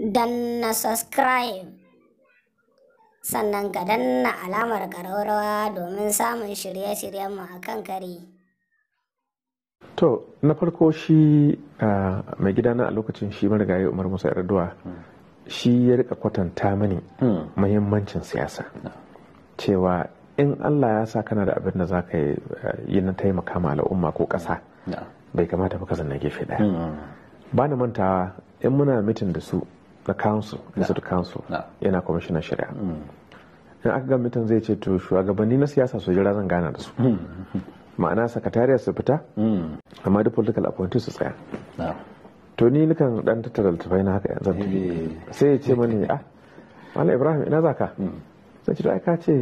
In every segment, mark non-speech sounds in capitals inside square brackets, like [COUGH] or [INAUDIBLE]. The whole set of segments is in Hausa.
dan na subscribe sannan ka danna alamar ƙararrawa domin samun shirye-shiryenmu a kan kare. To, na farko shi mai na a lokacin shi marigayi Umar Musa yarduwa shi ya rika kwatanta mani mahimmancin siyasa. Cewa in Allah ya sa kana da abin da za ka yi na taimaka ma al'umma ko ƙasa bai kamata ba ka zanna gefe ɗaya. Mm. Ba na mantawa in muna mitin da su na council district council yana kwamishinan shari'a hmm. in aka ga mutum zai ce to shugabanni na siyasa su jira zan gana da su hmm. ma'ana sakatariya su fita hmm. amma duk political appointees su tsaya to ni nukan dan tattara littafai na haka yanzu eh, eh, eh. sai ya ce mani ah Malam Ibrahim ina zaka sai ce to ai ka ce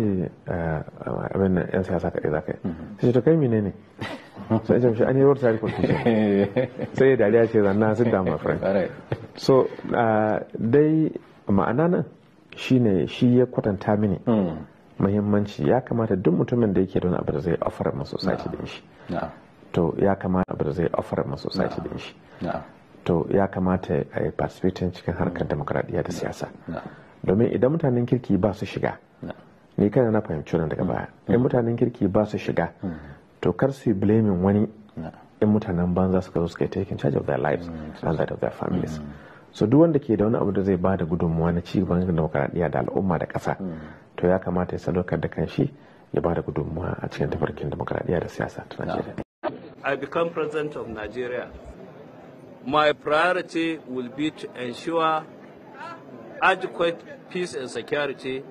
abin nan yan siyasa kaɗai zaka yi sai ce to kai menene [LAUGHS] sai ce an yi wata tari sai dariya ce zanna sun down frank so uh, dai ma'ana nan shine shi ya kwatanta mini hmm. muhimmanci ya kamata duk mutumin da yake da wani abu da zai offer masu society din shi to ya kamata abu da zai offer masu society din shi to ya kamata a yi participating cikin harkar hmm. demokradiyya da siyasa domin idan mutanen kirki ba su shiga ni kana na fahimci nan daga hmm. baya in mutanen kirki ba su shiga to kar su yi blaming wani in mutanen banza suka zo suka yi taking charge of their lives mm, and that of their families mm. so duk wanda ke da wani abu da zai ba da gudunmuwa na cigaban demokaradiyya da al'umma da kasa mm. to ya kamata ya sadaukar da kanshi ya ba da gudunmuwa a cikin tafarkin demokaradiyya da siyasa ta Najeriya. I become president of Nigeria. My priority will be to ensure adequate peace and security,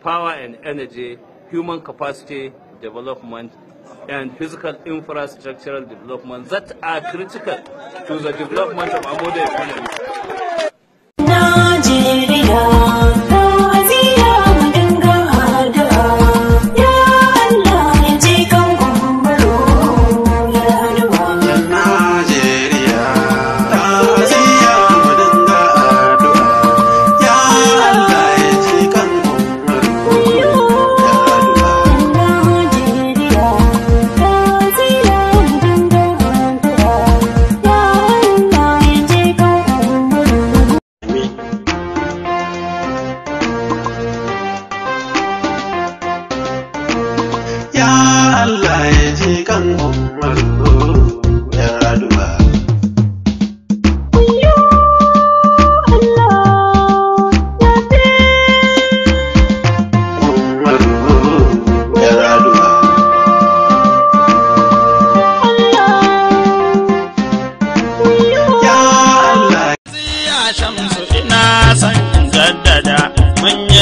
power and energy, human capacity development and physical infrastructural development that are critical to the development of modern economy.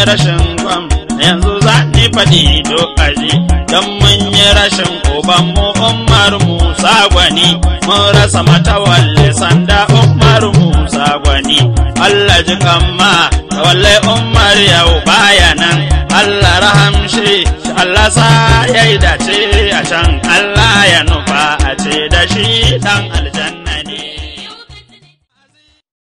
rashin kwam yanzu za ni faɗi aji don mun yi rashin uban mu umar musa gwani mun rasa matawalle sanda umar musa gwani allah ji kama walle umar yau baya nan allah shi allah sa ya yi dace a can allah ya nufa a ce da shi dan aljanna